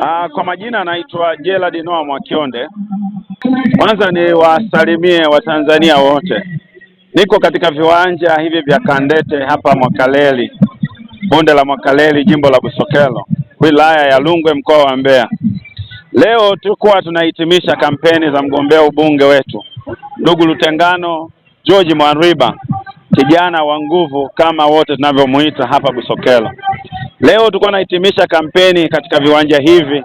Aa, ah, kwa majina anaitwa Gerald Noah Mwakionde. Kwanza ni wasalimie Watanzania wote. Niko katika viwanja hivi vya Kandete hapa Mwakaleli, bonde la Mwakaleli, jimbo la Busokelo, wilaya ya Lungwe, mkoa wa Mbeya. Leo tulikuwa tunahitimisha kampeni za mgombea ubunge wetu ndugu Lutengano George Mwariba, kijana wa nguvu kama wote tunavyomuita hapa Busokelo. Leo tulikuwa nahitimisha kampeni katika viwanja hivi,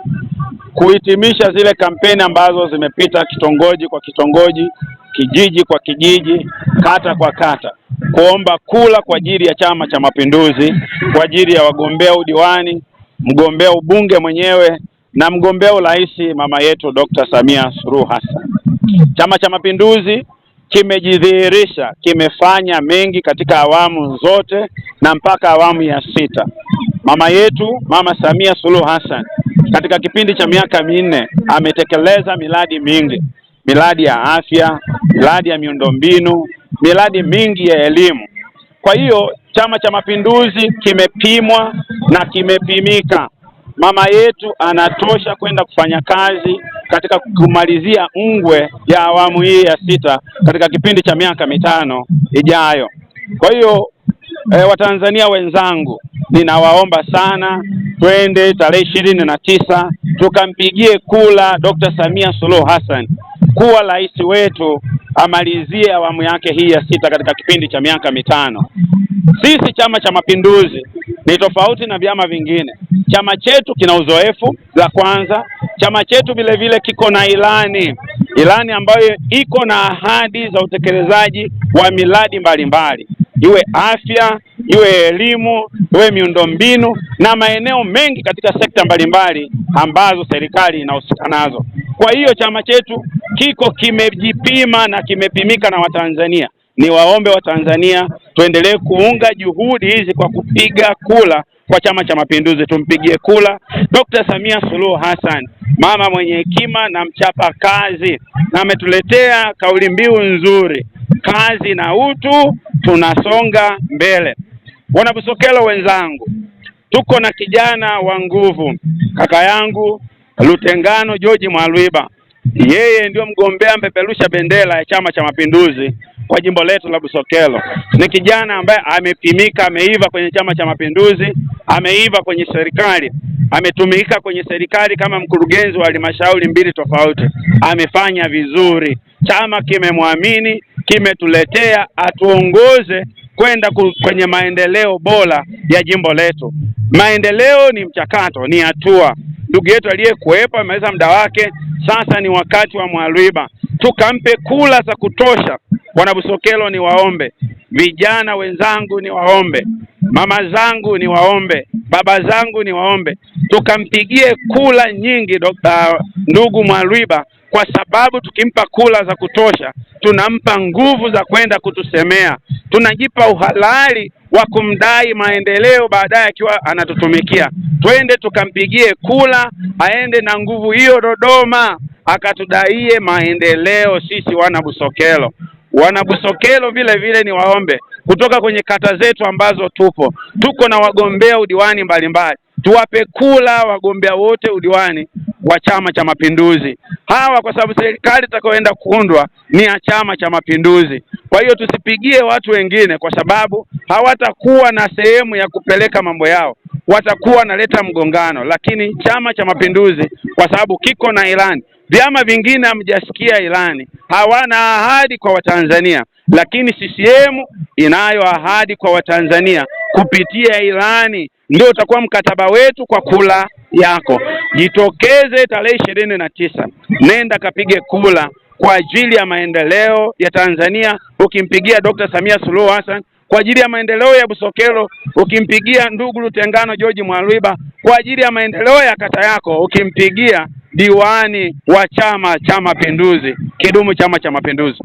kuhitimisha zile kampeni ambazo zimepita kitongoji kwa kitongoji, kijiji kwa kijiji, kata kwa kata, kuomba kula kwa ajili ya Chama cha Mapinduzi, kwa ajili ya wagombea udiwani, mgombea ubunge mwenyewe na mgombea urais mama yetu Dr. Samia Suluhu Hassan. Chama cha Mapinduzi kimejidhihirisha, kimefanya mengi katika awamu zote na mpaka awamu ya sita. Mama yetu Mama Samia Suluhu Hassan katika kipindi cha miaka minne ametekeleza miradi mingi, miradi ya afya, miradi ya miundombinu, miradi mingi ya elimu. Kwa hiyo Chama cha Mapinduzi kimepimwa na kimepimika. Mama yetu anatosha kwenda kufanya kazi katika kumalizia ngwe ya awamu hii ya sita katika kipindi cha miaka mitano ijayo. Kwa hiyo e, Watanzania wenzangu ninawaomba sana twende tarehe ishirini na tisa tukampigie kula Dr. Samia Suluhu Hassan kuwa rais wetu amalizie awamu yake hii ya sita katika kipindi cha miaka mitano. Sisi Chama cha Mapinduzi ni tofauti na vyama vingine. Chama chetu kina uzoefu, la kwanza. Chama chetu vile vile kiko na ilani, ilani ambayo iko na ahadi za utekelezaji wa miradi mbalimbali, iwe afya iwe elimu, iwe miundombinu na maeneo mengi katika sekta mbalimbali ambazo serikali inahusika nazo. Kwa hiyo chama chetu kiko kimejipima na kimepimika na Watanzania. Ni waombe Watanzania tuendelee kuunga juhudi hizi kwa kupiga kula kwa Chama cha Mapinduzi. Tumpigie kula Dr. Samia Suluhu Hassan, mama mwenye hekima na mchapa kazi, na ametuletea kauli mbiu nzuri, kazi na utu, tunasonga mbele. Bwana Busokelo wenzangu, tuko na kijana wa nguvu, kaka yangu Lutengano George Mwalwiba. Yeye ndio mgombea mpeperusha bendera ya Chama cha Mapinduzi kwa jimbo letu la Busokelo. Ni kijana ambaye amepimika, ameiva kwenye Chama cha Mapinduzi, ameiva kwenye serikali, ametumika kwenye serikali kama mkurugenzi wa halmashauri mbili tofauti. Amefanya vizuri, chama kimemwamini, kimetuletea atuongoze kwenda kwenye maendeleo bora ya jimbo letu. Maendeleo ni mchakato, ni hatua. Ndugu yetu aliyekuwepo ameweza muda wake, sasa ni wakati wa Mwaliba, tukampe kula za kutosha. Wana Busokelo ni waombe, vijana wenzangu ni waombe, mama zangu ni waombe, baba zangu ni waombe, tukampigie kula nyingi Dr. Uh, ndugu Mwaliba kwa sababu tukimpa kula za kutosha, tunampa nguvu za kwenda kutusemea, tunajipa uhalali wa kumdai maendeleo baadaye akiwa anatutumikia. Twende tukampigie kula, aende na nguvu hiyo Dodoma akatudaie maendeleo sisi wana Busokelo. Wana Busokelo vile vile ni waombe kutoka kwenye kata zetu ambazo tupo, tuko na wagombea udiwani mbalimbali, tuwape kula wagombea wote udiwani wa Chama cha Mapinduzi hawa, kwa sababu serikali itakayoenda kuundwa ni ya Chama cha Mapinduzi. Kwa hiyo tusipigie watu wengine, kwa sababu hawatakuwa na sehemu ya kupeleka mambo yao, watakuwa wanaleta mgongano. Lakini Chama cha Mapinduzi kwa sababu kiko na ilani, vyama vingine hamjasikia ilani, hawana ahadi kwa Watanzania, lakini CCM inayo ahadi kwa Watanzania kupitia ilani, ndio utakuwa mkataba wetu kwa kula yako. Jitokeze tarehe ishirini na tisa, nenda kapige kula kwa ajili ya maendeleo ya Tanzania, ukimpigia Dr. Samia Suluhu Hassan kwa ajili ya maendeleo ya Busokelo, ukimpigia ndugu Lutengano George Mwalwiba kwa ajili ya maendeleo ya kata yako, ukimpigia diwani wa Chama cha Mapinduzi. Kidumu Chama cha Mapinduzi!